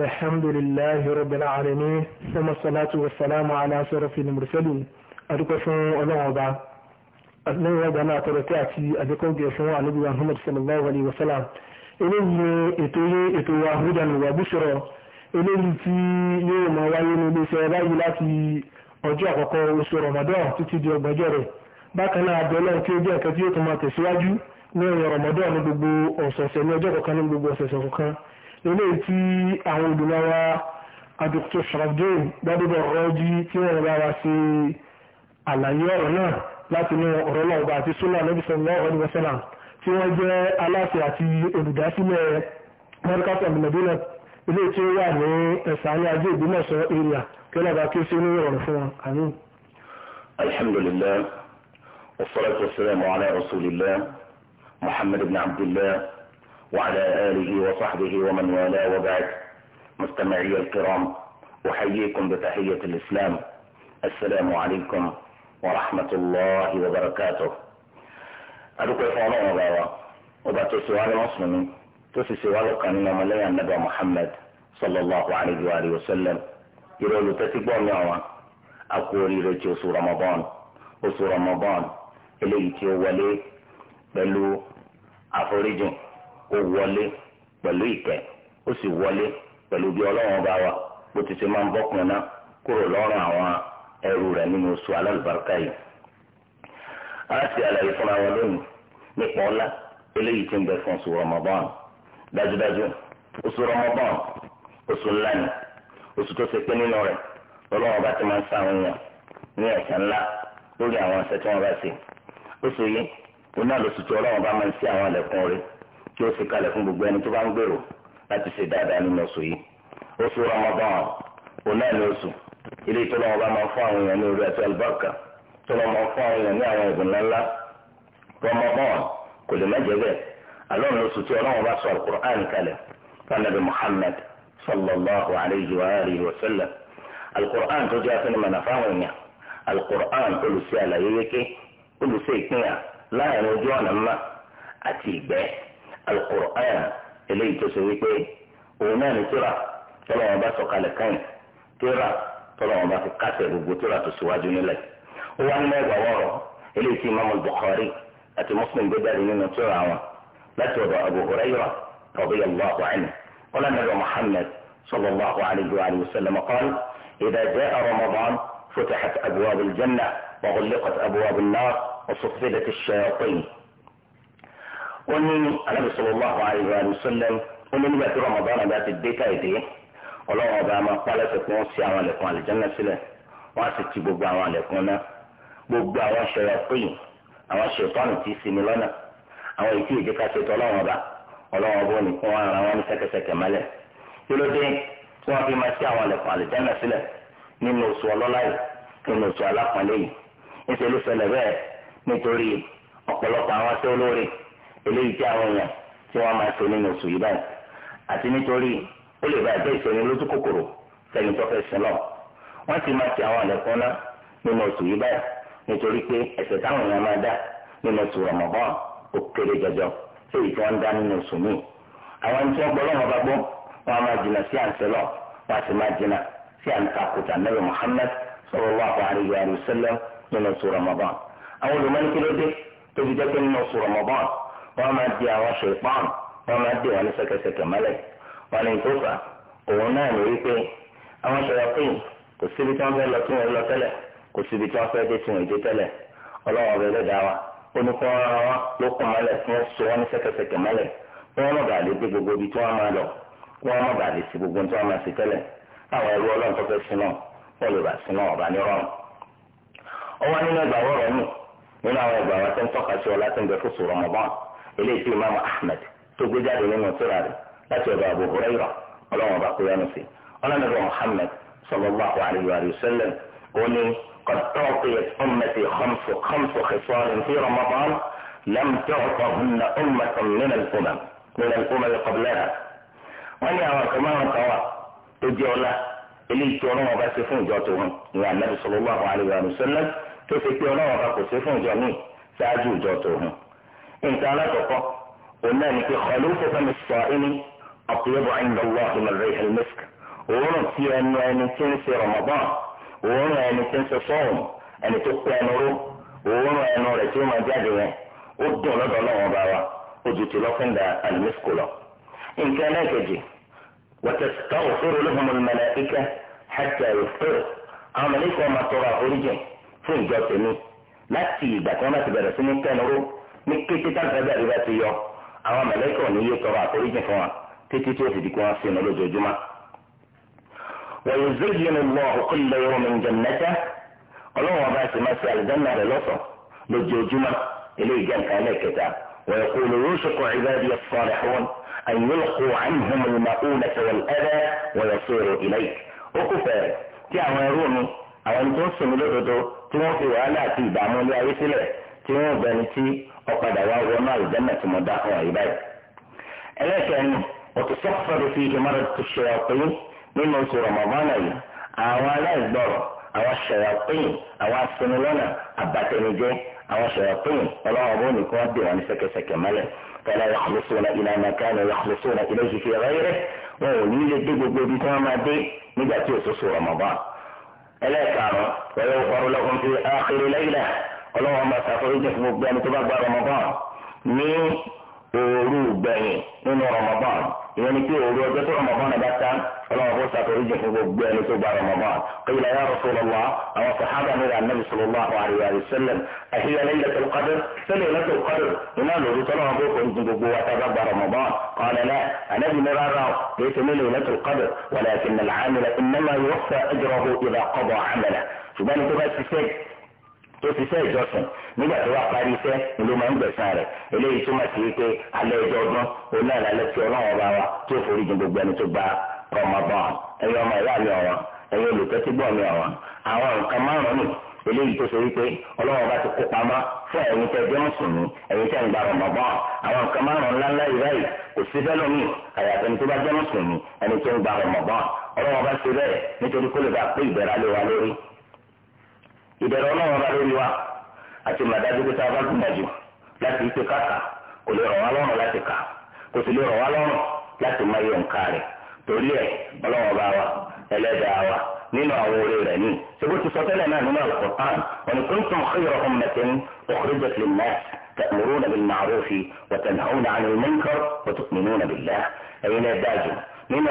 الحمد لله رب العالمين ثم الصلاة والسلام على أشرف المرسلين أدوك فون الله أبا أدنى وضعنا أتركاتي أدوك فون النبي محمد صلى الله عليه وسلم eléyìí ètò yé ètò wa hudan wa bushra eléyìí tí yóò máa wáyé ní iléeṣẹ́ báyìí láti ọjọ́ àkọ́kọ́ oṣù ramadan títí di ọgbọ̀njọ́ rẹ̀ bákan náà abẹ́lẹ̀ tí ó jẹ́ nǹkan tí yóò tún máa tẹ̀síwájú ní ọ̀yọ̀ ramadan ní gbogbo ọ̀sọ̀ọ̀sẹ̀ ní ọjọ́ kọ̀ọ̀kan ní gbogbo ọ̀sẹ̀ọ̀sẹ̀ kọ̀ọ̀kan eléyìí tí àwọn olùlọ́wọ́ adókòtò sọ̀rọ̀dún gbádùbọ̀ rọ́jí tí wọ́n bá wa ṣe àlàyé ọ̀rọ̀ náà láti inú ọ̀rọ̀ lọ́wọ́ àti sólà Ànábì sallallahu tí wọ́n jẹ́ aláṣẹ àti olùdásílẹ̀ Markaz al-Madina ilé tí وعلى آله وصحبه ومن والاه وبعد مستمعي الكرام أحييكم بتحية الإسلام السلام عليكم ورحمة الله وبركاته أدوك إفعاله وبعوة وبعد سوال المسلمين توسي سوال قانون ملايا النبي محمد صلى الله عليه وآله وسلم يقول تتبع ميعوة أقولي رجي وصو رمضان وصو رمضان اليك ولي بلو أفريجين ó wọlé pẹ̀lú ìkẹ́ ó sì wọlé pẹ̀lú bí ọlọ́run bá wa bó ti ṣe máa ń bọ́kùn náà kúrò lọ́rùn àwọn ẹrú rẹ̀ nínú oṣù a ti àlàyé fúnra wọn lónìí nípa ọlá eléyìí ń bẹ fún oṣù dájúdájú oṣù oṣù ńlá ni oṣù tó ṣe pé nínú rẹ̀ ọlọ́run bá ti máa ń sáwọn èèyàn ní ẹ̀sẹ̀ ńlá lórí àwọn ẹ̀ṣẹ̀ tí wọ́n bá ṣe oṣù yìí onáà lóṣù tí ọlọ́run bá máa ń àwọn rẹ̀ kí ó fi kalẹ̀ fún gbogbo ẹni tó bá ń gbèrò láti ṣe dáadáa nínú oṣù yìí oṣù Ramadan òun ní oṣù ilé máa fún àwọn èèyàn ní orí ẹ̀tọ́ máa fún àwọn èèyàn ní القرآن إليه تسويك ومان ترى طلع ما بس قال كان ترى طلع ما بس قتل وترى تسواجون لك وان ما جوار إليه إمام البخاري أتى مسلم بدر من ترى لا توضع أبو هريرة رضي الله عنه ولا نبي محمد صلى الله عليه وآله وسلم قال إذا جاء رمضان فتحت أبواب الجنة وغلقت أبواب النار وصفدت الشياطين ó ní alábìsọ̀rọ̀ bá àwọn àìrò àdùsọ́lẹ̀ ó ní nígbà tí rọmọdán àgbà ti dé káyìdé ọlọ́wọ́n ọba máa pa lẹ́sẹ̀ pé wọ́n ṣí àwọn àlẹ̀kùn àlìjẹ́nà sílẹ̀ wọ́n á sì ti gbogbo àwọn àlẹ̀kùn náà gbogbo àwọn ṣẹ̀yà péyìn àwọn ṣètọ́nù ti sinmi lọ́nà àwọn ètí ìdíkà ṣètò ọlọ́wọ́n ọba ọlọ́wọ́n ọba òní fún ara wọn ní sẹ́kẹsẹ̀kẹ̀ mẹ́lẹ̀ kí tí wọ́n fi máa ṣí àwọn àlẹ̀kùn àlìjẹ́nà sílẹ̀ nínú oṣù ọlọ́lá yìí nínú oṣù alápọ̀nlé yìí níṣẹ́ ló ṣẹlẹ̀ bẹ́ẹ̀ nítorí ọ̀pọ̀lọpọ̀ àwọn aṣẹ́ olóore eléyìí tí àwọn èèyàn tí wọ́n máa ṣe nínú oṣù yìí báyìí àti nítorí ó lè bàjẹ́ ìṣẹ́ni lójú kòkòrò sẹ́yìn tó fẹ́ sin lọ wọ́n ti máa ti àwọn àlẹ́kùn ná nínú oṣù yìí báyìí nítorí pé ẹ̀ṣẹ̀ táwọn èèyàn máa dá nínú oṣù Ramadan ó kéré jọjọ léyìí tí wọ́n ń dá nínú oṣù míì àwọn ẹni tí wọ́n gbọ́ lọ́wọ́ bá gbọ́ wọ́n máa jìnnà sí àǹsẹ̀ lọ wọ́n sì máa jìnnà sí àǹtakùtà Nabi Muhammad sallallahu alaihi wa sallam nínú oṣù Ramadan àwọn olùmọ́ni kí ló dé tó wọ́n máa di àwọn ṣèpọ́n wọ́n máa di wọn ṣẹ̀kẹ̀ṣẹ̀kẹ̀ mọ́lẹ̀ wọn ni tó fà òun náà ní wípé àwọn ṣèyọkùn kò síbi tí wọ́n fẹ́ lọ tí wọ́n lọ tẹ́lẹ̀ kò síbi tí wọ́n fẹ́ dé tí wọ́n dé tẹ́lẹ̀ ọlọ́wọ́n bẹ̀rẹ̀ dá wa onípọ̀ ara wọn ló kún mọ́lẹ̀ tí wọ́n so wọn ní ṣẹ̀kẹ̀ṣẹ̀kẹ̀ mọ́lẹ̀ wọ́n má bàa lè dé gbogbo ibi tí wọ́n máa lọ wọ́n má bàa lè sí gbogbo tí wọ́n máa ṣe tẹ́lẹ̀ àwọn ẹrú ọlọ́run tó fẹ́ sinú wọ́n lè bá sinú ọ̀bá ní eléyìí tí imaamu ahmed tó gbé jáde nínú tírà rẹ̀ láti ọ̀dọ̀ abu hurairah ọlọ́wọ́n bá kúrẹ́ nù sí ọlọ́nàbọ̀ muhammed sallallahu alayhi wa sallam ó ní قد تعطيت أمتي خمس خمس خصال في رمضان لم تعطهن أمة من الأمم من الأمم قبلها وأن يرى كما رأى تجي eléyìí tí ọlọ́wọ́ bá ṣe fún ìjọ tòun ìwà nàbì sallallahu alaihi wa sallam tó ṣe pé ọlọ́wọ́ bá kò ṣe fún ìjọ míì ṣáájú ìjọ tòun. انت على كفا قلنا في خلوفة الصائم اطيب عند الله من ريح المسك وانا في ان يعني تنسى رمضان وانا يعني تنسى صوم ان تقطع نورو وانا يعني رسوم جاجه ودو لدى الله وضعه وجدت لفن دا المسك له ان كان كجي وتستغفر لهم الملائكة حتى يفطر عمليك وما ترى أوريجي في الجاسمي لا تسيب وما كنا تبرسين كنورو ní kété táǹkàdé àríwá ti yọ àwọn mẹlẹkọ ní yóò tọrọ àforíjì fún wa títí tí ó fi di kí wọn sínú lójoojúmọ́. ويزين الله كل يوم جنته ọlọ́run ọba ẹ̀sìn máa ṣe àlùdáná rẹ̀ lọ́sàn lójoojúmọ́ eléyìí jẹ́ nǹkan ẹlẹ́kẹta ويقول يوشك عبادي الصالحون أن يلقوا عنهم المؤونة والأذى ويصيروا إليك ó kù fẹ́ẹ̀ kí àwọn ẹrú mi ọ̀padà wa wọnú àlùjánnà tí mo dá fún wa yìí báyìí. ẹlẹ́kẹ̀ẹ́ni òtútọ́fẹ́rù fi ìjọmọ́ra ti ṣe ọ̀pẹ́yìn nínú oṣù rọ̀mọ̀bọ́nà yìí àwọn aláìgbọ̀rọ̀ àwọn ṣẹ̀yàpẹ́yìn àwọn asinilọ́nà àbàtẹnijẹ́ àwọn ṣẹ̀yàpẹ́yìn ọlọ́run bó nìkan dè wọn ní sẹ́kẹsẹ̀kẹ̀ mọ́lẹ̀ فلا يخلصون ọlọ́wọ́n bá ṣàforíjì fún gbogbo ẹni tó bá gba Ramadan ní òru gbẹ̀yìn nínú Ramadan ìyẹn ni pé òru ọjọ́ tó Ramadan náà bá ta ọlọ́wọ́n bó ṣàforíjì fún gbogbo ẹni tó gba Ramadan qila ya Rasulullah àwọn sàhábà ní ìlànà Nabi sallallahu alaihi wa sallam àhíyá Laylatul Qadr sẹ́lẹ̀ Laylatul Qadr iná lòru tọ́lọ́wọ́n bó forí jì gbogbo wa tábà gba Ramadan qala la ànábì ní rárá lẹ́sẹ̀ ní Laylatul Qadr walakin al-amila innama yuwaffa ajrahu idha qada amala ṣùgbọ́n ní tó bá ti sẹ́yìn tó ti fẹ́ ìjọsìn nígbà tó wà parí iṣẹ́ ló máa ń gbẹ̀san rẹ̀ eléyìí túmọ̀ sí pé alẹ́ ọjọ́ ọdún òun náà lálẹ́ tí ọlọ́run ọba wa tó forí jìn gbogbo ẹni tó gba ọmọbọ̀n ẹ̀yọ ọmọ ìyá mi ọ̀wọ́n ẹ̀yọ olùtẹ́tígbọ̀n mi ọ̀wọ́n àwọn nǹkan márùn-ún eléyìí tó ṣe wípé ọlọ́run bá ti kó pamọ́ fún ẹ̀yin tẹ́ jẹ́ mùsùlùmí ẹ̀yin tẹ́ ń gba ọmọbọ̀n àwọn nǹkan márùn-ún ńláńlá ìráyè kò sí fẹ́lọ́mì àyàtọ̀ ní tó bá jẹ́ mùsùlùmí ẹni tó ń gba ọmọbọ̀n ọlọ́run bá ṣe bẹ́ẹ̀ nítorí kó lè bá pé ìbẹ̀rẹ̀ alẹ́ wa lórí ìbẹ̀rẹ̀ ọlọ́run bá lórí wa àti màdájú pé tá a bá gbìyànjú láti ike káka kò lè rọ̀ wá lọ́rùn láti kà kò sì lè rọ̀ wá lọ́rùn láti má yẹ nǹka rẹ̀ torí ẹ̀ ọlọ́run bá wa ẹlẹ́dàá wa nínú àwọn oore rẹ̀ ní. ṣebú ti sọ tẹ́lẹ̀ náà nínú Al-Qur'an wọn kò ń tún khayra ummatin ukhrijat lin-nas ta'muruna bil-ma'ruf wa tanhawna 'anil munkar wa tu'minuna náà dájú nínú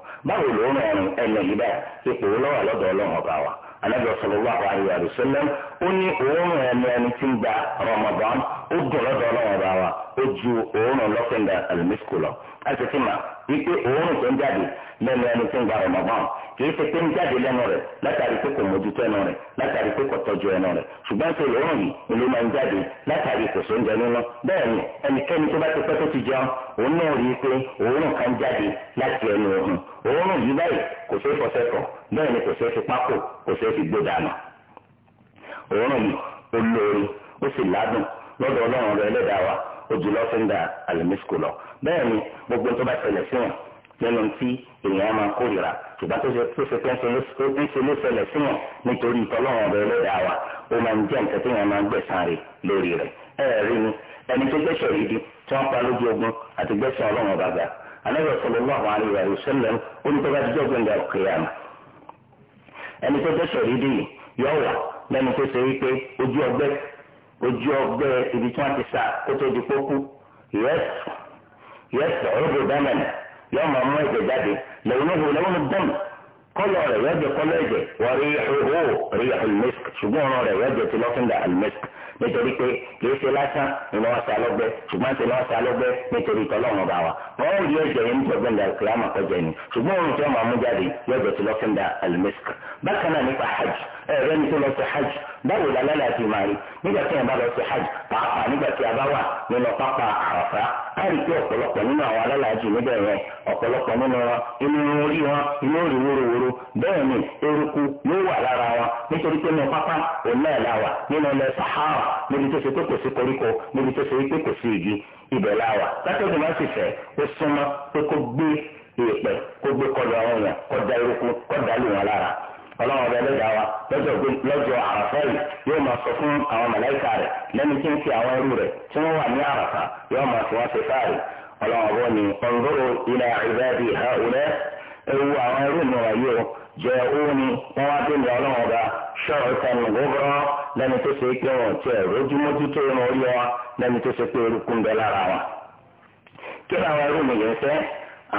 báwo ló ń rọrùn ẹnu yìí báyìí ipò lọ́wọ́ lọ́dọ̀ ọlọ́run ọba wa anabi sallallahu alaihi wa sallam ó ní òórùn ẹnu ẹni tí ń gba Ramadan ó dùn lọ́dọ̀ ọlọ́run ọba wa ó ju òórùn lọ́fíńdà àlùmísìkò lọ. a sì ti mà wípé òórùn tó ń jáde lẹ́nu ẹni tó ń gba Ramadan kì í ṣe pé ń jáde lẹ́nu rẹ̀ látàrí pé kò mójútó ẹnu rẹ̀ látàrí pé kò tọ́jú ẹnu rẹ̀ ṣùgbọ́n ṣe òórùn yìí ni ló máa ń jáde látàrí kò sóúnjẹ nínú. bẹ́ẹ̀ ni ẹnikẹ́ni tó bá ti pẹ́ tó ti jẹun òun náà rí i pé òórùn kan jáde láti ẹnu òun òórùn yìí báyìí kò ṣeé fọṣẹ́ kọ̀ bẹ́ẹ̀ ni kò ṣeé fi pákó kò ṣeé fi gbó òórùn yìí ó lóore ó sì ládùn lọ́dọ̀ Ọlọ́run rẹ̀ ẹlẹ́dàá wa ó jù lọ́fíńdà àlùmísìkò lọ bẹ́ẹ̀ ni gbogbo tó bá ṣẹlẹ̀ sí wọn nínú tí èèyàn máa kórìíra ṣùgbọ́n tó ṣe tó ṣe pé ń ṣe ló ṣẹlẹ̀ sí wọn nítorí ìtọ́lọ́wọ́n ọ̀rọ̀ ẹlẹ́dàá wa ó máa ń jẹ́ nǹkan tí èèyàn máa ń gbẹ̀san rẹ̀ lórí rẹ̀ ẹ rí ni ẹni tó gbẹ̀ṣẹ̀ rí di tí wọ́n pa lójú ogun àti gbẹ̀san ọlọ́run ọba gbà anábẹ́ sallallahu alaihi ojú ọgbẹ́ ibi tí wọ́n ti sá kó tó di kókó yẹ́sù yẹ́sù ọ̀rọ̀dọ̀ dámẹ́nà yọ máa mú ẹ̀jẹ̀ jáde lẹ́yìn náà wọ́n lọ́wọ́ dán kọ́lọ̀ rẹ̀ yọ jẹ kọ́lọ̀ ẹ̀jẹ̀ wọ́n rí ìhó rí almesk ṣùgbọ́n ọ̀rọ̀ rẹ̀ yọ jẹ ti lọ́fíńdà almesk nítorí pé kìí ṣe lásán ni wọ́n sá lọ́gbẹ́ ṣùgbọ́n ti wọ́n sá lọ́gbẹ́ nítorí tọ́lọ́run bá wa wọ́n rí ẹ̀jẹ̀ yẹn nítorí gbẹ̀ndà kìlámà kọjá ni ṣùgbọ́n ohun tí wọ́n máa jáde yọ ti lọ́fíńdà almesk bákan náà nípa hajj ẹ̀rẹ́ ní tó lọ sí hajj báwo la lálẹ́ àti ìmàrí nígbà tí a bá lọ sí hajj pàápàá nígbà tí a bá wà nínú pápá àràfá a rí pé ọ̀pọ̀lọpọ̀ nínú àwọn alálàájì níbẹ̀ yẹn ọ̀pọ̀lọpọ̀ nínú wọn inú orí wọn inú orí wóróworó bẹ́ẹ̀ ni eruku ló wà lára wọn nítorí pé nínú pápá òun náà la wà nínú ilẹ̀ sahara níbi tó ṣe pé kò sí koríko níbi tó ṣe pé kò sí igi ibẹ̀ la wà látọ̀dọ̀ ọlọ́run ọba ẹlẹ́dàá wa lọ́jọ́ lọ́jọ́ àràfẹ́ yìí yóò máa sọ fún àwọn màláìka rẹ̀ lẹ́nu tí ń fi àwọn ẹrú rẹ̀ tí wọ́n wà ní àràfà yóò máa fi wọ́n ṣe fáàrí ọlọ́run ọba ni ọ̀nzọ́rọ̀ ilẹ̀ ìbẹ́ẹ̀dì ha òlẹ́ ewu àwọn ẹrú mi wà yìí jẹ owó ni wọ́n wá dé ní ọlọ́run ọba ṣọ́ọ̀ ìtàn gbọ́gbọ́rọ́ lẹ́nu tó ṣe pé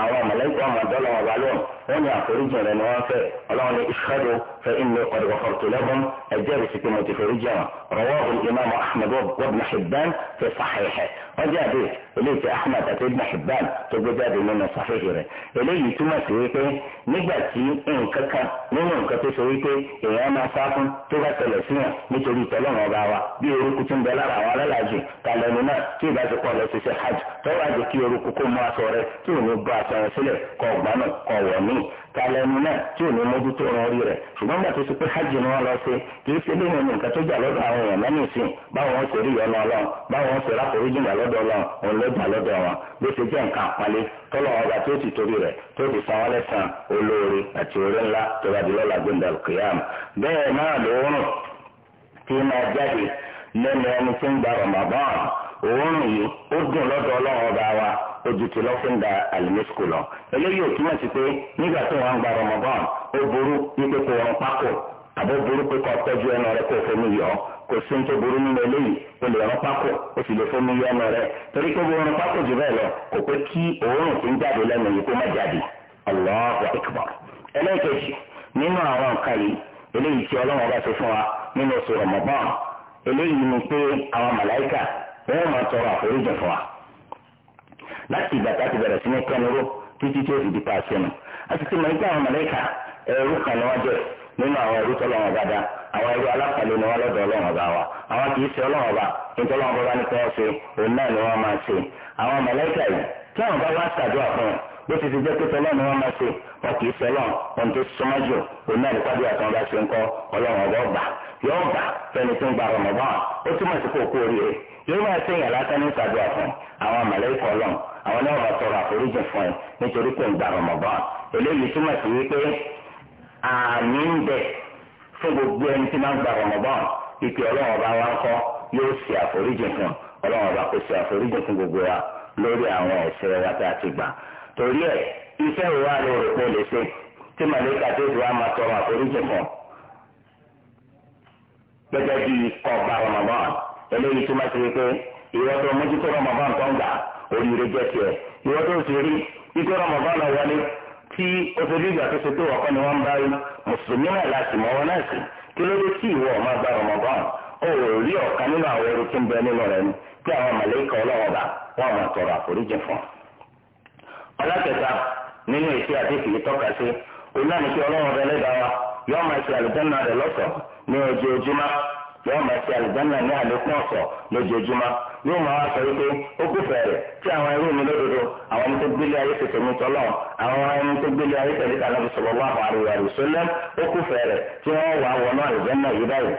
àwọn mọ̀lẹ́kọ̀ ọmọdé ọlọ́wọ́ balùwọ̀n wọ́n ní àforíjì rẹ̀ ni wọ́n fẹ́ ọlọ́wọ́n ní ìṣẹ́dọ̀ فإني قد غفرت لهم الجابس كما تفرج جمع رواه الإمام أحمد وابن حبان في صحيحه وجاء به إليك أحمد أتي ابن حبان تقول جاء من صحيحه إليه ثم سويته نجاتي إن كك من إن كك سويته ساكن تبا تلسيا نتري تلوم وباوا بيورو كتن دلارا ولا لاجي قالنا كيبا تقول سيسي حج تواجه كيورو كوكو ما سوري كيورو باسا قوبانو قوامي tàlẹ́nu náà tí ò ní mójútó ọ̀rọ̀ orí rẹ̀ ṣùgbọ́n gbà tó ṣe pé hajj ni wọ́n lọ sí kì í ṣe bí wọn nǹkan tó jà lọ́dọ̀ àwọn èèyàn lẹ́nu ìsìn báwọn wọn ṣe rí ìyọnu ọlọ́run báwọn ṣe rákòrí jìnnà lọ́dọ̀ ọlọ́run òun ló jà lọ́dọ̀ wọn bó ṣe jẹ́ nǹkan san lẹ́sàn olóore àti ńlá tó bá di lọ́la bẹ́ẹ̀ ojú ti lọ́fíńdà àlùmísìkò lọ eléyìí ò túmọ̀ sí pé nígbà tí wọ́n ń gba Ramadan ó burú wípé kò rán pákó àbó burú pé kò tọ́jú ẹnu rẹ kò fomi yọ kò sí ní tó burú nínú eléyìí o lè rán pákó o sì lè fomi yọ ẹnu rẹ torí pé bó rán pákó jù bẹ́ẹ̀ lọ kò pé kí òórùn tó ń jáde lẹ́nu yìí kó má jáde Allahu Akbar ẹlẹ́ẹ̀kejì nínú àwọn nǹkan yìí eléyìí tí ọlọ́run ọba ṣe fún wa nínú oṣù Ramadan eléyìí ni pé àwọn màláìkà wọ́n máa tọrọ àforíjì fún wa láti ìgbà tá a ti bẹ̀rẹ̀ sí ní kẹ́nuró títí tí ó fi di pa àṣẹnu a ti ti mọ̀ nípa àwọn mọ̀lẹ́kà ẹrú kan ni wọ́n jẹ́ nínú àwọn ẹrú tọ́lọ́ wọn bá dá àwọn ẹrú alápàlẹ́ ni wọ́n lọ́dọ̀ ọlọ́run ọba wa àwọn kì í ṣe ọlọ́run ọba nítorí wọn bá ní kí wọ́n ṣe òun náà ni wọ́n máa ṣe àwọn mọ̀lẹ́kà yìí tí àwọn bá wá ṣàdúrà fún wọn bó ti ti jẹ́ pé tọ́lọ́ ni wọ́n máa ṣe wọn kì í ṣe ọlọ́run ohun tó súnmọ́ jù òun náà nípa bí àtàwọn bá ṣe ń kọ́ ọlọ́run ọba ọgbà yóò gbà fẹ́ni tó ń gba ọmọ bá wọn ó túmọ̀ sí kó àwọn náà máa tọrọ àforíjì fún ẹ nítorí kò ń gba Ramadan eléyìí túmọ̀ sí wípé àmì ń bẹ fún gbogbo ẹni tí máa ń gba Ramadan ìpè ọlọ́run ọba wa ń kọ́ yóò ṣe àforíjì fún ọlọ́run ọba kò ṣe àforíjì fún gbogbo wa lórí àwọn ẹ̀ṣẹ̀ wa tá a ti gbà torí ẹ̀ iṣẹ́ ìwé àlóore pé lè ṣe tí màlẹ́kà tó ti wá máa tọrọ àforíjì fún gẹ́gẹ́ bí kọ́ gba Ramadan eléyìí túmọ̀ sí wípé ìwọ́n tó mójútó Ramadan tó ń gbà oríire jẹ́ tiẹ̀ ìwọ tó ti rí ikú ramadan wọlé tí o ti rí ìgbà tó ṣe pé wọ́n kọ́ ni wọ́n ń bá rí mùsùlùmí náà láti mọ́ wọn náà sí kí ló dé tí ìwọ ọ̀ máa gba ramadan ó rí ọ̀kan nínú àwọn ẹrú tó ń bẹ nínú rẹ ni tí àwọn màlẹ́kà ọlọ́wọ́ bá wọn máa tọrọ àforíjì fún un. ọlọ́kẹta nínú èsì àdéhùn yìí tọ́ka sí onáníkí ọlọ́wọ́ bẹ lẹ́dàá yọ yóò máa ṣe àlùjáná ní àlékún ọ̀sọ̀ lójoojúmọ́ yóò máa wá sọ wípé ó kú fẹ̀rẹ̀ tí àwọn ẹrú mi lódodo àwọn ẹni tó gbélé ayé tètè mi tọ́lọ̀ àwọn ẹni tó gbélé ayé tẹ̀lé tàbí Ànábì sallallahu alaihi wasallam ó kú fẹ̀rẹ̀ tí wọ́n wà wọnú àlùjáná yìí báyìí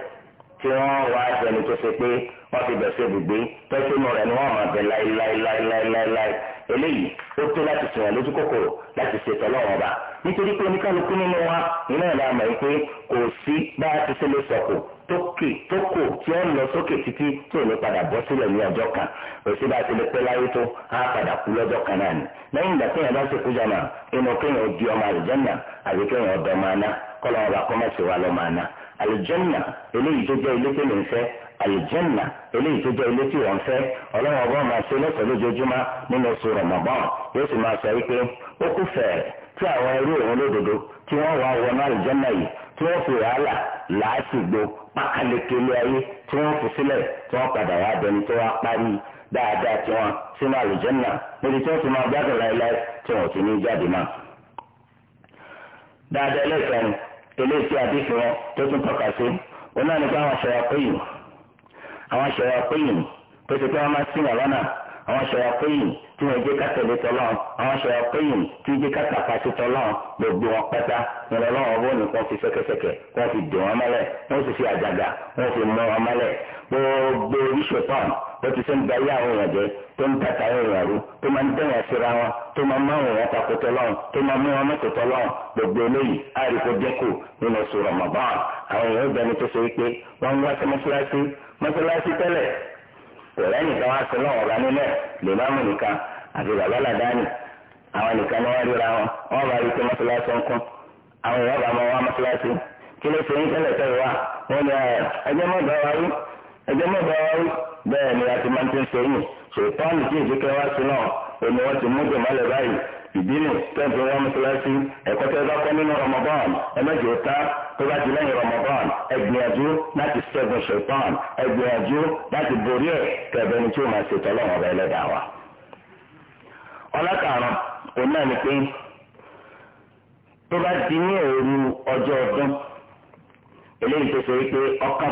tí wọ́n wà ẹni tó ṣe pé wọ́n ti bẹ̀sẹ̀ gbogbo tọ́sínú rẹ̀ ni wọ́n máa bẹ̀ láéláéláéláéláé eléyìí ó tó láti sìn wọn lójú kòkòrò láti ṣètò ọlọ́run ọba nítorí pé oníkálukú nínú wa nínú ẹ̀rọ àmọ̀ yìí pé kò sí bá a ti ṣe lè sọ̀kò tókè tókò tí ó ń lọ sókè títí tí ò ní padà bọ́ sílẹ̀ ní ọjọ́ kan kò sí bá a ti lè pẹ́ láyé tó á padà kú lọ́jọ́ kan náà ni lẹ́yìn ìgbà téèyàn bá ṣe kú jọmọ inú kéèyàn di ọmọ àlùjẹ́nà àbí kéèyàn ọdọ máa ná kọ́lọ́wọ́n bá kọ́mọ̀sí wa lọ́ máa ná àlùjẹ́nà eléyìí tó jẹ́ ilé tẹ́lẹ̀ ń fẹ́ àlùjẹ́nà eléyìí tó jẹ́ ilé tí fẹ́ ọlọ́run ọba máa ṣe lọ́sọ̀ọ́ nínú oṣù yóò sì máa sọ wípé ó kú tí àwọn irú òun lódodo tí yìí tí àwọn aṣọra péyìn tó ti pé wọn máa sìn wà lọ́nà àwọn aṣọra péyìn tí wọn jẹ́ kátẹ̀lé tọ́lọ́ àwọn aṣọra péyìn tí wọn jẹ́ kátàkà sí tọ́lọ́ gbogbo wọn pátá ìrọ̀ lọ́wọ́ bó nìkan fi ṣẹ̀kẹ̀ṣẹ̀kẹ̀ wọ́n fi dè wọn mọ́lẹ̀ wọ́n sì fi àjàgà wọ́n fi mú wọn mọ́lẹ̀ gbogbo oríṣi pọ́ùn bó ti ṣe ń gba ayé àwọn èèyàn jẹ tó ń tàkà àwọn èèyàn rú tó máa ń dẹ̀yàn síra wọn tó máa ń mú àwọn èèyàn takòtò lọ́wọ́ tó máa ń mú wọn mẹ́tòtò lọ́wọ́ gbogbo eléyìí àríkò dẹ́kù nínú oṣù Ramadan àwọn èèyàn ìgbẹ́ni tó ṣe wípé wọ́n ń wá sí mọ́ṣáláṣí mọ́ṣáláṣí tẹ́lẹ̀ kò lẹ́nìkan wá sí lọ́wọ́ ọ̀gá nílẹ̀ lè má nìkan àti bàbá làdáni àwọn nìkan ni wọ́n ríra wọn wọ́n bá rí pé mọ́ṣáláṣí ń kún àwọn èèyàn bá máa wá mọ́ṣáláṣí kí ló ṣe ń tẹ́lẹ̀ tẹ́lẹ̀ wá wọ́n ní ẹjẹ́ mọ́ bá wa rú ẹjẹ́ mọ́ bá wa rú bẹ́ẹ̀ ni a ti máa ń ti ń sẹ́yìn ṣètọ́nù tí ìdíkẹ́ wá sí náà òní wọ́n ti mú jòmọ́lẹ̀ báyìí ìbínú tẹ́ǹtì wọn mọ́ṣáláṣí ẹ̀kọ́ tẹ́ bá kọ́ nínú Ramadan ẹ̀mẹ́jì ó ta tó bá ti lẹ́yìn Ramadan ẹgbìyànjú láti ṣẹ́gun ṣètọ́n ẹgbìyànjú láti borí ẹ̀ kẹ̀bẹ́ tí ó máa ṣètọ́ lọ́wọ́ ọba ẹlẹ́dàá wa. ọlọ́kàrán òun náà ni pé tó bá di ní òru ọjọ́ ọdún eléyìí tó ṣe wípé ọkàn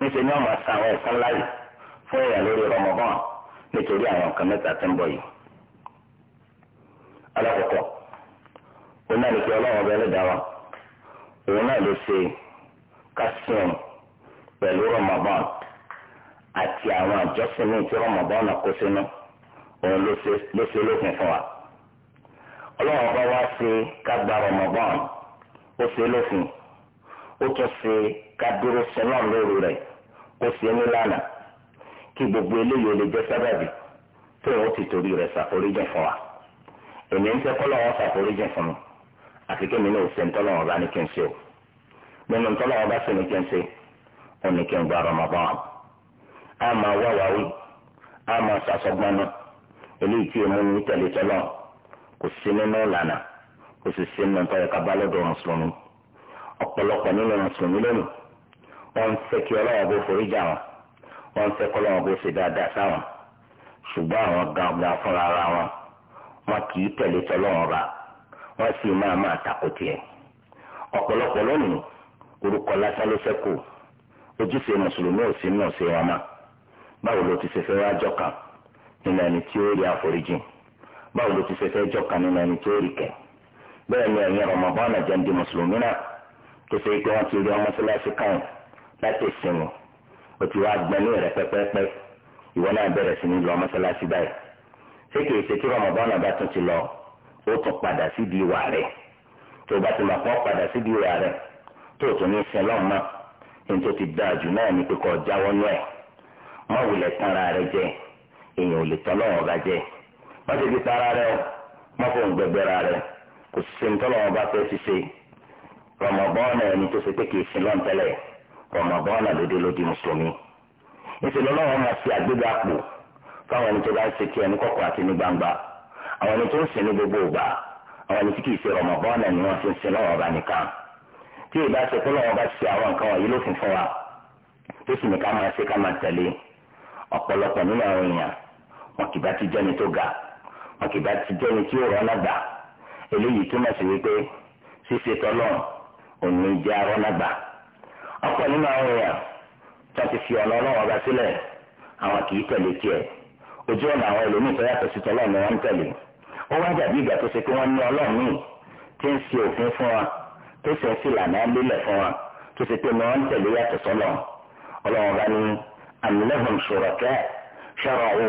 níṣẹ́ ni ọmọ san àwọn ẹ̀san láyè fún èèyàn lórí Ramadan nítorí àwọn nǹkan mẹ́ta tó ń bọ̀ yìí. alákọ̀ọ́kọ́ òun náà lè pe ọlọ́run ọba ẹlẹ́dàá wa òun náà ló ṣe kásíọ̀n pẹ̀lú Ramadan àti àwọn àjọsìn ní ti Ramadan náà kó sínú òun ló ṣe lófin fún wa. ọlọ́run ọba wa ṣe ká gba Ramadan ó ṣe lófin ó tún ṣe ká dúró sínú lóru rẹ̀ kó sí ní lánàá kí gbogbo eléyìí ó lè jẹ́ sábàbí tó o ti torí rẹ̀ ṣàforíjìn fún wa èmi ń fẹ́ kọ́lọ́wọ́ ṣàforíjìn fún mi àti kí mi náà ṣe ń tọ́lọ́wọ́ bá ní kí n ṣe o nínú tọ́lọ́wọ́ bá sì ní kí n ṣe ó ní kí n gba Ramadan a máa wá wá wí a máa ṣàṣọgbọ́n náà eléyìí tí èmi ní tẹ̀lé tọ́lọ́ kò sí nínú ìlànà kò sì sí nínú tọ́yọ̀ká bá lọ́dọ̀ mùsùlùmí ọ̀pọ̀lọpọ̀ nínú mùsùlùmí lónìí wọ́n ń kí ọlọ́wọ́ bó forí wọn wọ́n ń fẹ́ kọ́ bó ṣe dáadáa sáwọn ṣùgbọ́n àwọn gangan fúnra ara wọn wọn kì í tẹ̀lé tọ́lọ́wọ́n wọ́n sì máa máa tako tiẹ̀ ọ̀pọ̀lọpọ̀ lónìí orúkọ lásán ló ojúṣe mùsùlùmí ò sí náà ṣe wọn báwo ló ti ṣe wá nínú ẹni tí ó rí báwo ló ti ṣe nínú ẹni tí ó rí ni láti sinmi o ti wá gbẹmí rẹ pẹpẹpẹ ìwọ náà bẹ̀rẹ̀ sí ní lọ mọ́sálásí báyìí ṣé kìí ṣe kí rọmọbọ́n náà bá tún ti lọ ó tún padà sídìí ìwà rẹ tó o bá ti mọ̀ pọ́n padà sídìí ìwà rẹ tó o tún ní sin lọ́wọ́ náà ní tó ti dáa jù náà ní pé kọ́ jáwọ́ nú ẹ̀ mọ́ wulẹ̀ tanra rẹ jẹ èèyàn ò lè tán lọ́wọ́ bá jẹ má ti fi tara rẹ o má fò ń gbẹgbẹra rẹ kò sí ní tọ́lọ́wọ́ bá fẹ́ ti ṣe rọmọbọ́n náà tó ṣe pé kìí sin lọ́ntẹ́lẹ̀ Ramadan lóde lóde mùsùlùmí nítorí ọlọ́run máa fi àgbéga pò fáwọn ẹni tó bá ń ṣe tiẹ̀ ní kọ̀kọ̀ àti ní gbangba àwọn ẹni tó ń sìn ní gbogbo ìgbà àwọn ẹni tí kì í ṣe Ramadan ni wọ́n fi ń sin lọ́wọ́ ọba nìkan tí ìbá ṣe pé lọ́wọ́ ọba ti ṣe àwọn nǹkan wọ̀nyí lófin fún wa tó sì ní ká máa ṣe ká máa tẹ̀lé ọ̀pọ̀lọpọ̀ nínú àwọn èèyàn wọn kì bá ti jẹ́ni tó ọ̀pọ̀ nínú àwọn èèyàn tó ti fi ọ̀nà ọlọ́run ọba sílẹ̀ àwọn kì í tẹ̀lé tiẹ̀ ojú ọ̀nà àwọn ẹlòmíì tó yàtọ̀ sí tọ́lọ́ ni wọ́n ń tẹ̀lé ó wá dàbí ìgbà tó ṣe pé wọ́n ní ọlọ́run tí ń ṣe òfin fún wa tó ṣe ń sì lànà lélẹ̀ fún wa tó ṣe pé wọ́n ń tẹ̀lé yàtọ̀ sọ́lọ́ ọlọ́run ọba ní am lahum shuraka shara'u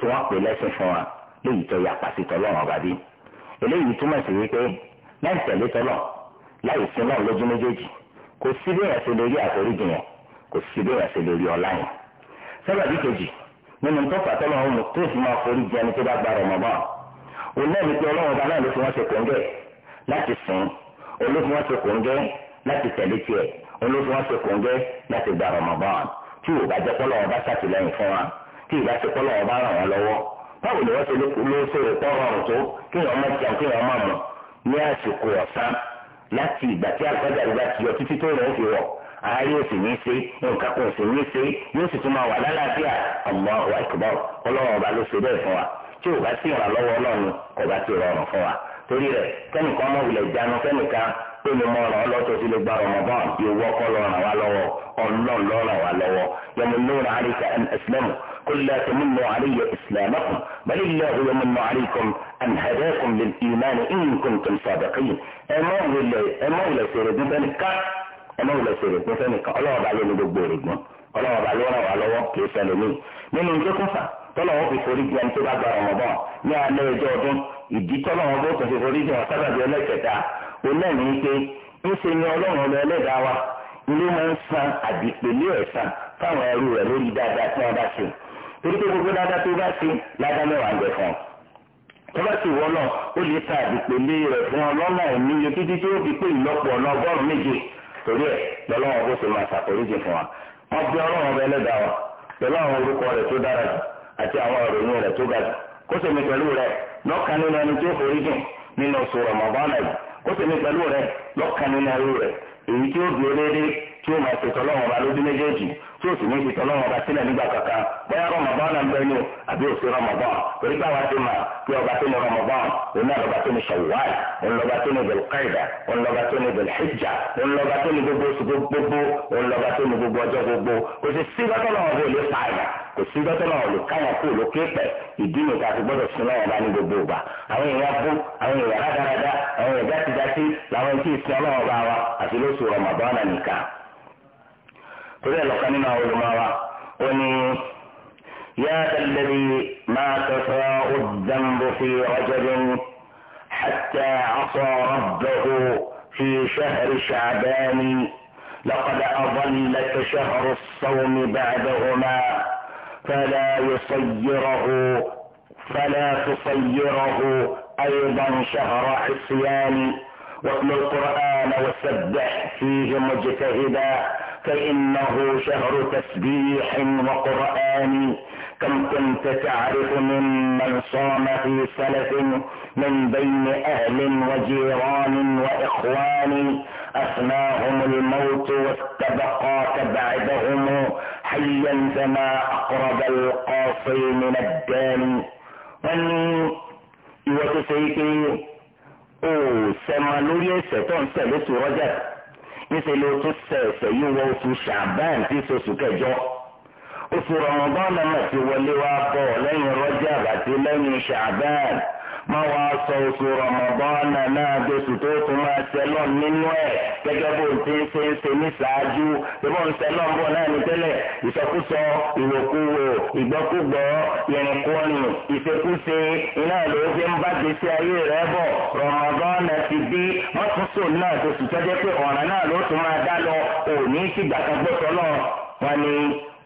tí wọ́n pè lẹ́sìn fún wa léyìí tó yà pàṣẹ tọlọ́run ọba bí eléyìí túmọ̀ sí wípé láì tẹ̀lé tọlọ́ láì sin náà lójú méjèèjì kò sí bí èèyàn ṣe lè rí àforíjì yẹn kò sí bí èèyàn ṣe lè rí ọlá yẹn sábàbí kejì nínú tọ́fà tọ́lọ́run mú tó fi máa forí jẹ ẹni tó bá gba Ramadan òun náà ní pé ọlọ́run ọba náà ló fi wọ́n ṣe kòńgẹ́ láti sìn olófin wọ́n ṣe kòńgẹ́ láti tẹ̀lé tiẹ̀ olófin wọ́n ṣe kòńgẹ́ láti gba Ramadan tí ò bá jẹ́ pé ọlọ́run báwo ni wọ́n ṣe ló ṣòro pọ́ ọ̀rùn tó kéèyàn má jẹun kéèyàn má mọ̀ ní àsìkò ọ̀sán láti ìgbà tí àgbàjà ìgbà ti yọ títí tó rẹ̀ fi wọ̀ ààrẹ yóò sì ní í ṣe nǹkan kan sì ní í ṣe yóò sì tún máa wà lálàáfíà Allahu akbar ọlọ́run ọba ló ṣe bẹ́ẹ̀ fún wa tí ò bá sí ìrànlọ́wọ́ ọlọ́run kò bá ti rọrùn fún wa torí rẹ̀ kẹ́nìkan ọmọ wulẹ̀ jánu kẹ́nìkan pé mi mọ ọ̀ràn ọlọ́tọ̀ sí lè gba Ramadan yóò wọ́kọ́ lọ ràn wá lọ́wọ́ ọlọ́run lọ ràn wá yẹmu lóra àríkà ẹsìlẹ́mù قل لا تمنوا علي إسلامكم بل الله يمن عليكم أن هداكم للإيمان إن كنتم صادقين أمولا سيرد فانك أمولا سيرد فانك الله بعلي لدبور ابنه الله بعلي ولا بعلي وقت يسألني من انجكم فا tọ́lọ̀ wọn fi forí jẹun tó bá gba ọ̀mọ̀bọ̀n ní alẹ́ ẹjọ́ ọdún ìdí tọ́lọ̀ wọn bó tún fi forí jẹun sábàbí ẹlẹ́kẹta onáìní pé ńṣe ni ọlọ́run ọba ẹlẹ́dàá wa ilé máa ń san àdìpẹ̀lẹ́ ẹ̀san fáwọn ẹrú rẹ̀ lórí dáadáa tí wọ́n bá ṣe torí pé gbogbo dáadáa tó bá ti ládá mẹ́wàá ń bẹ fún ọ tọ́ba ti wọ́ lọ ó lè ta àdìpẹ̀lẹ́ rẹ̀ fún ọ lọ́nà ẹ̀mí yẹn títí tí ó fi pé ìlọ́pọ̀ ọ̀nà ọgọ́rùn-ún méje torí ẹ̀ lọ́lọ́wọ́ kó sì máa ṣàforíjì fún wa wọ́n bí ọlọ́run ọba ẹlẹ́dàá wa pẹ̀lú àwọn orúkọ rẹ̀ tó dára jù àti àwọn ìròyìn rẹ̀ tó ga jù kó sì mi pẹ̀lú rẹ̀ lọ́kàn nínú ẹni tó foríjì nínú oṣù Ramadan yìí ó sì ní pẹ̀lú rẹ̀ lọ́kàn nínú ayé rẹ̀ èyí tí ó dúró déédéé tí ó máa ṣètò ọlọ́run ọba lójú méjèèjì tí o sì ní ibi tọ́lọ́mọ ọba sílẹ̀ nígbà kankan bóyá rọmọbọ́n náà ń bẹ ní o àbí o sí rọmọbọ́n torí báwa ti mà pé ọba tó ní rọmọbọ́n òun náà lọ́ba tó ní Shawwal òun lọ́ba tó ní belkaida òun lọ́ba tó ní belhijja òun lọ́ba tó ní gbogbo oṣù gbogbo òun lọ́ba tó ní gbogbo ọjọ́ gbogbo kò sì sí gbọ́tọ́lọ́wọ́ bó lè fa àyà kò sí gbọ́tọ́lọ́wọ́ lè káyà kó ló ké pẹ̀ ìdí mi ta fi gbọ́dọ̀ sí lọ́wọ́ ní gbogbo ìgbà àwọn èèyàn bú àwọn èèyàn rádaràda àwọn èèyàn dátidátí làwọn tí ì sí wa àti lóṣù rọmọbọ́n náà nìkan torí ẹ̀ lọ́kàn nínú àwọn olùmọ̀ wa ó ní yáàdà lẹ́bi máa tẹ̀sọ́ ó dánbó fi ọjọ́ lẹ́nu hàtà àṣọ rọ̀bẹ̀kù fi ṣẹ́hẹ̀rì ṣàbẹ́ni lọ́kọ̀dà ọ̀bọ̀lẹ̀kẹ̀ ṣẹ́hẹ̀rì sọ́wọ́mi bàdàhùmá fẹ́lẹ́ yóò فلا تصيره أيضا شهر عصيان واتل القرآن وسبح فيه مجتهدا فإنه شهر تسبيح وقرآن كم كنت تعرف ممن صام في سلف من بين أهل وجيران وإخوان أثناهم الموت واستبقى تبعدهم حيا فما أقرب القاصي من الداني wọ́n ìwọ tó ṣe é pé níṣẹ́ ló tún sẹ ẹsẹ̀ yìí wọ oṣù ṣàbẹ́ẹ̀n tí oṣù kẹjọ oṣù rọ̀mọ̀bọ́n náà ti wọlé wá bọ̀ lẹ́yìn rọ́jà àbàtì lẹ́yìn ṣàbẹ́ẹ̀n má wàá sọ oṣù rọmọbọ́nà náà gbèsè tó tún máa ṣẹlọ̀ nínú ẹ̀ gẹ́gẹ́ bó ti ń ṣe ń ṣe ní ṣáájú ìbọn ń ṣẹlọ̀ ń bọ̀ náà ní tẹ́lẹ̀ ìsọkúsọ ìwòkúwò ìgbọ́kúgbọ́ ìrìnkúrìn ìṣekúṣe iná ló fi ń bá gbèsè ayé rẹ̀ bọ̀ rọmọbọ́nà ti dé wọ́n tún sọ náà tó sì tọ́jú pé ọ̀ràn náà ló tún máa dá lọ òní ìgbà kan náà wọn ni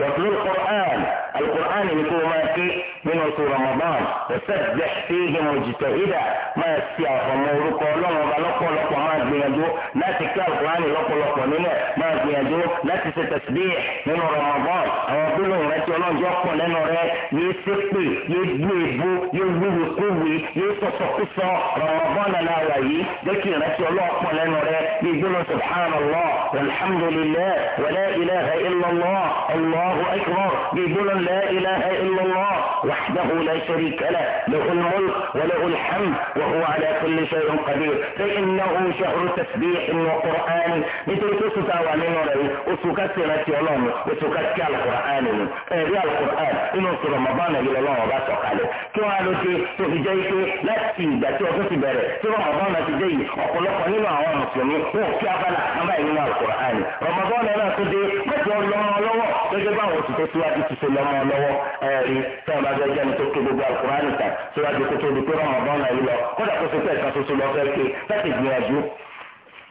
واتلو القرآن القرآن يكون ما في من رمضان وسبح فيه مجتهدا ما يسيا فمورك ولم ولق ولق ما تبينجو لا تكال القرآن لق ولق منه ما تبينجو لا تسبيح من رمضان أو كل ما تقولون جوك لنا رأي يسبي يدبو يدبو كوي يسقط رمضان لا يجي ذكر ما تقولون لنا رأي يقولون سبحان الله والحمد لله ولا إله إلا الله الله الله أكبر بيقول لا إله إلا الله وحده لا شريك له له الملك وله الحمد وهو على كل شيء قدير فإنه شهر تسبيح وقرآن مثل تسوكا ومن ربي وسوكت رسولهم وسوكت كالقرآن إيه يا القرآن إنه في رمضان إلى الله وبعث وقاله كوالو تي تفجيك لا تسيدة توقفي بره في رمضان تجي وقلت لنا نمع ومسلمين هو كافلا أما إلى القرآن رمضان لا تجي ما jọ lọ́rọ̀ lọ́wọ́ gẹ́gẹ́ báwọn oṣù tó síwájú ti ṣe lọ́rọ̀ lọ́wọ́ ẹ̀rí tẹ́ ọba jẹ́ jẹ́ni tó ké gbogbo alukurani ta síwájú kó tó di pé rọmọ bọ́ọ̀nà yìí lọ kódà kó sopẹ́ ẹ̀ka soso lọ fẹ́ ké láti gbìyànjú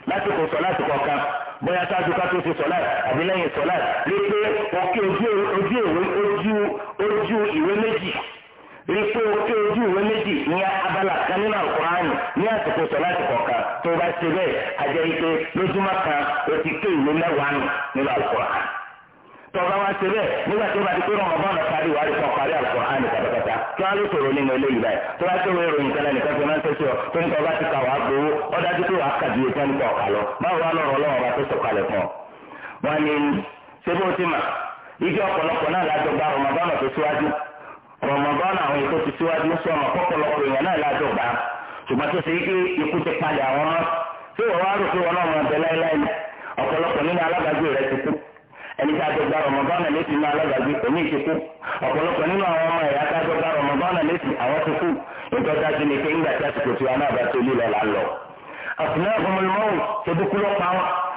lásìkò sọ láti kọ̀ọ̀kan bóyá sáájú ká tó ṣe sọ̀lá àbí lẹ́yìn sọ̀lá lé pé wọ́n ké ojú ìwé méjì rí pé o pé ojú ìwé méjì ní abala kan nínú àkùránì ní àsìkò sọ láti kọ̀ọ̀kan tó bá ṣe bẹ́ẹ̀ ajẹ́ ike lójúmọ́ kan o ti ké ìwé mẹ́wàá nù nínú àkùránì tọ́ba wa ṣe bẹ́ẹ̀ nígbà tí ó bá ti pé ọmọ bọ́ọ̀lù parí ìwádìí kan parí àlùkùránì pátápátá kí wọ́n lè sọ̀rọ̀ nínú eléyìí báyìí tó bá tẹ̀wé ìròyìn kan lẹ́nìkan fi ránṣẹ́ sí ọ tó ní tó ní ṣé ti Ramadan àwọn ètò ti síwájú sí ọmọ pọ̀pọ̀lọpọ̀ èèyàn náà lájọba ṣùgbọ́n tó ṣe pé ikú ti palẹ̀ àwọn ọmọ tí wọ́n wá rò pé wọn náà mọ̀ ọ̀bẹ láéláé ni ọ̀pọ̀lọpọ̀ nínú alábàágbé rẹ̀ ti kú ẹni tí a jọ gba Ramadan létí nínú alábàágbé òní ti kú ọ̀pọ̀lọpọ̀ nínú àwọn ọmọ ẹ̀yà tí a jọ gba Ramadan létí àwọn ti kú ìjọba ti ní pé ńgbà tí a ti kò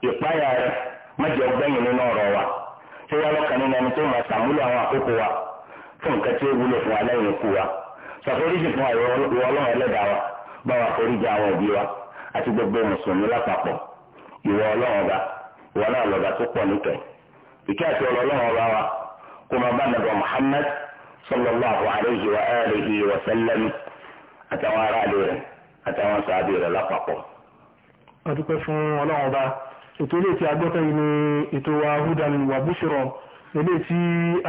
ị rẹ mẹjọ gbẹ̀yìn nínú ọ̀rọ̀ wa tí wọn lọkàn nínú ẹni tó máa sàmúlò àwọn àkókò wa fún nǹkan tí ó wúlò fún wa lẹ́yìn ikú wa ṣàforíjì fún àyọ wa bá wa foríjì àwọn òbí wa àti gbogbo mùsùlùmí lápapọ̀ ìwọ Ọlọ́run ọba ìwọ náà lọba tó àti ọba wa máa bá sallallahu alayhi wa wa sallam àtàwọn aráàlú rẹ àtàwọn rẹ a dúpẹ́ fún Ọlọ́run ètò ilé tí a gbọ́tàn yìí ni ètò wa hudan wa bushra ilé tí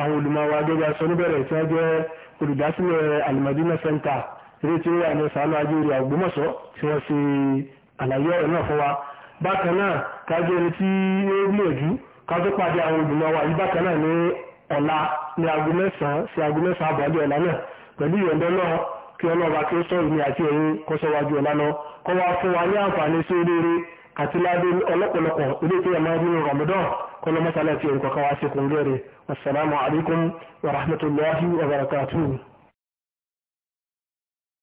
àwọn olùmọ̀wá gẹ́gẹ́ aṣọ níbẹ̀rẹ̀ tí wọ́n jẹ́ olùdásílẹ̀ alimadina center ilé tí ó wà ní sàánú ajéèrè Ògbómọ̀ṣọ́ tí wọ́n ṣe àlàyé ọ̀rọ̀ náà fún wa bákan náà kájọ ẹni tí ó gbìyànjú kájọ pàdé àwọn olùmọ̀wá yìí bákan náà ní ọ̀la ní aago mẹ́sàn-án sí aago mẹ́sàn-án àbọ̀dé kí ọlọ́ọ̀bá kí ó sọ ìní àti ẹ̀yìn kọ́sọ́wájú ọ̀la kọ́ wa fún wa ní àǹfààní sí oríire àti ládé ọlọ́pọ̀lọpọ̀ ilé tí a máa rí ní Ramadan kọ́ lọ́mọ́sálà tí orúkọ káwá sí kùn lóore wassalamu alaikum wa rahmatullahi wa barakatuhu